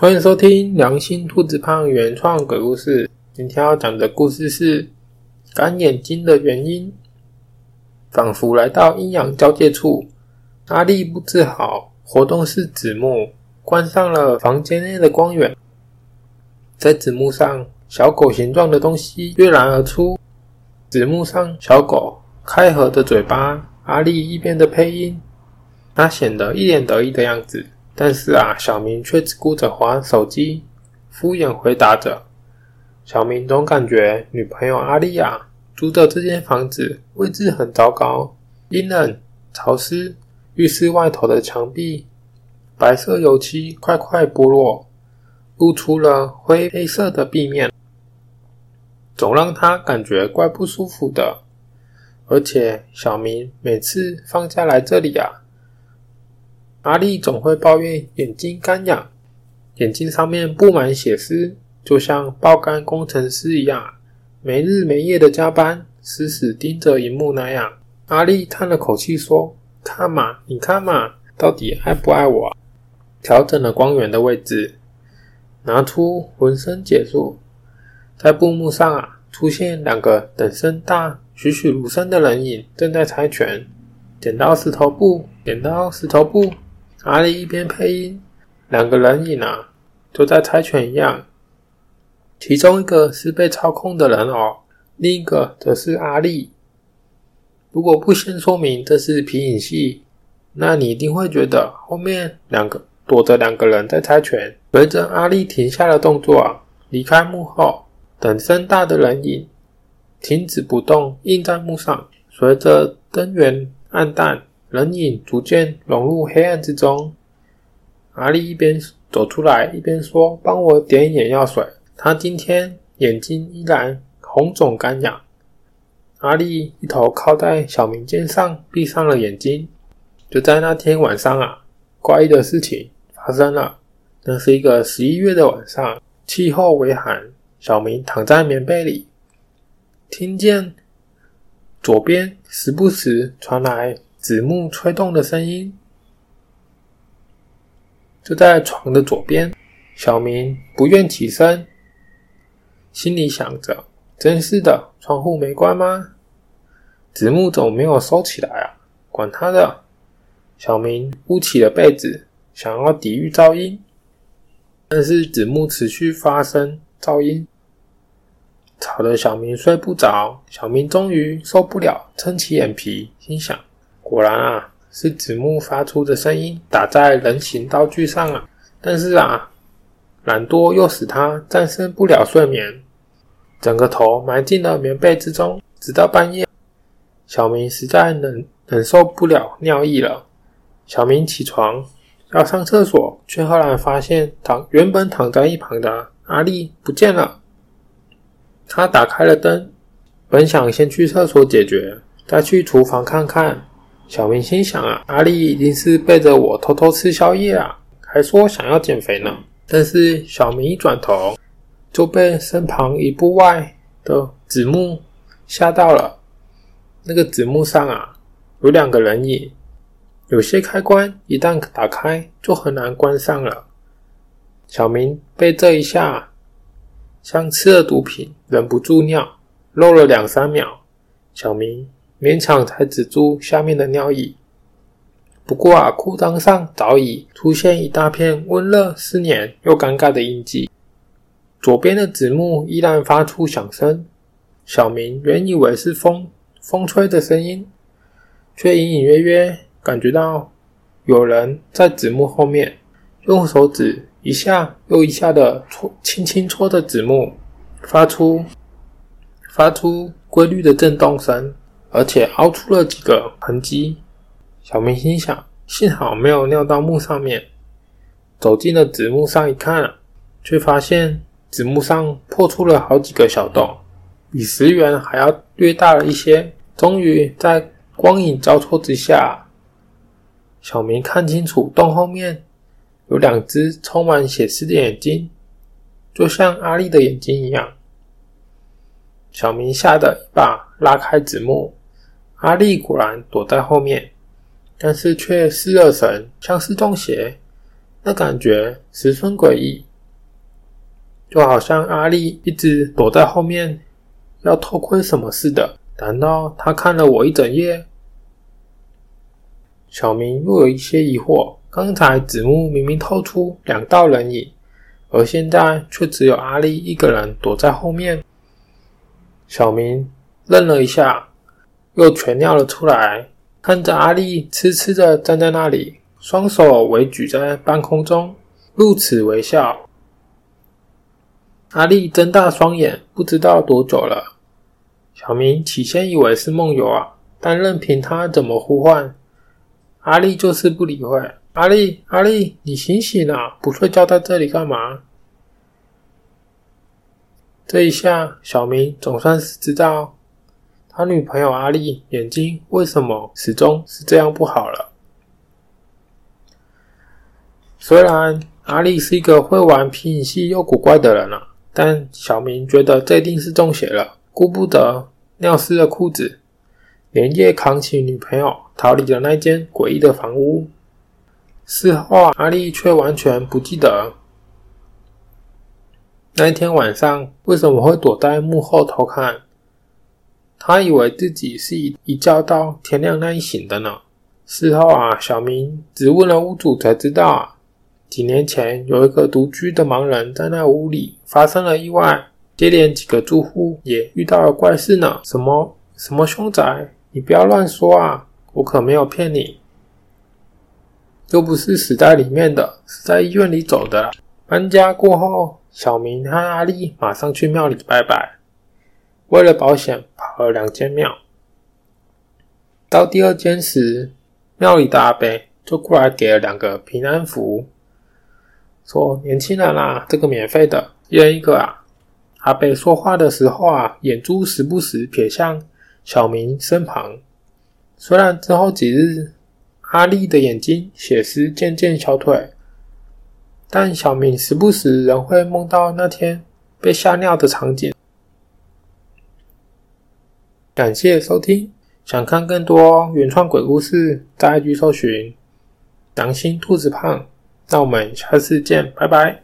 歡迎收聽《良心兔子胖》原創鬼故事。今天要講的故事是紅眼睛的原因。仿佛來到陰陽交界處，阿力布置好活動式紙幕，關上了房間內的光源。在紙幕上，小狗形狀的東西躍然而出。紙幕上小狗開合的嘴巴，阿力一邊的配音，它顯得一臉得意的樣子。但是啊，小明卻只顧着滑手機，敷衍回答着。小明總感覺女朋友阿麗亞租的這間房子位置很糟糕，陰冷潮濕，浴室外頭的牆壁白色油漆塊塊剝落，露出了灰黑色的壁面，總讓他感覺怪不舒服的。而且，小明每次放假來這裡啊。阿麗總會抱怨眼睛乾癢，眼睛上面布滿血絲，就像爆肝工程師一樣，沒日沒夜的加班，死死盯着熒幕那樣。阿麗嘆了口氣說：“看嘛，你看嘛，到底愛不愛我，啊？”調整了光源的位置，拿出渾身解數。在布幕上啊出現兩個等身大，栩栩如生的人影，正在猜拳，剪刀石頭布，剪刀石頭布。阿力一邊配音，兩個人影啊都在猜拳一樣，其中一個是被操控的人偶、哦，另一個則是阿力。如果不先說明這是皮影戲，那你一定會覺得後面兩個躲着兩個人在猜拳。隨着阿力停下的動作，離開幕後，等身大的人影停止不動，印在幕上，隨着燈源暗淡，人影逐漸融入黑暗之中。阿麗一邊走出來，一邊說：“幫我點眼藥水，她今天眼睛依然紅腫乾癢。”阿麗一頭靠在小明肩上，閉上了眼睛。就在那天晚上啊，怪異的事情發生了。那是一個十一月的晚上，氣候微寒，小明躺在棉被裡，聽見左邊時不時傳來。子木吹動的聲音，就在床的左邊。小明不願起身，心裡想着：“真是的，窗戶沒關嗎？子木怎麼沒有收起來啊？”管他的！小明捂起了被子，想要抵禦噪音，但是子木持續發生噪音，吵得小明睡不着。小明終於受不了，撐起眼皮，心想。果然啊，是子木發出的聲音打在人形道具上啊！但是啊，懶惰又使他戰勝不了睡眠，整個頭埋進了棉被之中，直到半夜。小明實在忍忍受不了尿意了，小明起床要上廁所，卻赫然發現躺原本躺在一旁的阿麗不見了。他打開了燈，本想先去廁所解決，再去廚房看看。小明心想啊，阿力已經是背着我偷偷吃宵夜啊，還說想要減肥呢。但是小明一轉頭，就被身旁一步外的子木嚇到了。那個子木上啊，有兩個人影，有些開關一旦打開就很難關上了。小明被這一下像吃了毒品，忍不住尿，漏了兩三秒。小明。勉強才止住下面的尿意，不過啊，褲襠上早已出現一大片溫熱、濕黏又尷尬的印記。左邊的紙幕依然發出響聲，小明原以為是風風吹的聲音，卻隱隱約約感覺到有人在紙幕後面用手指一下又一下的搓，輕輕搓着紙幕，發出發出規律的震動聲。而且凹出了幾個痕跡。小明心想：幸好沒有尿到木上面。走進了紙木上一看，卻發現紙木上破出了好幾個小洞，比十元還要略大了一些。終於在光影交錯之下，小明看清楚洞後面有兩隻充滿血絲的眼睛，就像阿力的眼睛一樣。小明嚇得一把拉開紙木。阿力果然躲在後面，但是卻失了神，像是中邪，那感覺十分詭異，就好像阿力一直躲在後面，要偷窺什麼似的。難道他看了我一整夜？小明又有一些疑惑，剛才子木明明透出兩道人影，而現在卻只有阿力一個人躲在後面。小明愣了一下。又全尿了出來，看着阿麗痴痴的站在那裡，雙手圍舉在半空中，露齒微笑。阿麗睜大雙眼，不知道多久了。小明起先以為是夢遊啊，但任憑他怎麼呼喚，阿麗就是不理會。阿麗，阿麗，你醒醒啊！不睡覺在這裡幹嘛？這一下，小明總算是知道。他女朋友阿力眼睛為什麼始終是這樣不好了？雖然阿力是一個會玩皮影戲又古怪的人了，但小明覺得這一定是中邪了，顧不得尿濕了褲子，連夜扛起女朋友逃離了那間詭異的房屋。事後啊，阿力卻完全不記得那天晚上為什麼會躲在幕後偷看。他以為自己是一一覺到天亮那一醒的呢。事後啊，小明只問了屋主才知道，啊，幾年前有一個獨居的盲人在那屋裡發生了意外，接連幾個住戶也遇到了怪事呢。什麼什麼凶宅？你不要亂說啊！我可沒有騙你，又不是死在裡面的，是在醫院裡走的。搬家過後，小明和阿麗馬上去廟裡拜拜。為了保險，跑了兩間廟。到第二間時，廟裡的阿北就過來給了兩個平安符，說：“年輕人啦，啊，這個免費的，一人一個啊。”阿北說話的時候啊，眼珠時不時瞥向小明身旁。雖然之後幾日，阿麗的眼睛血絲漸漸消退，但小明時不時仍會夢到那天被嚇尿的場景。感謝收聽，想看更多原創鬼故事，在 IG 搜尋良心兔子胖。那我們下次見，拜拜。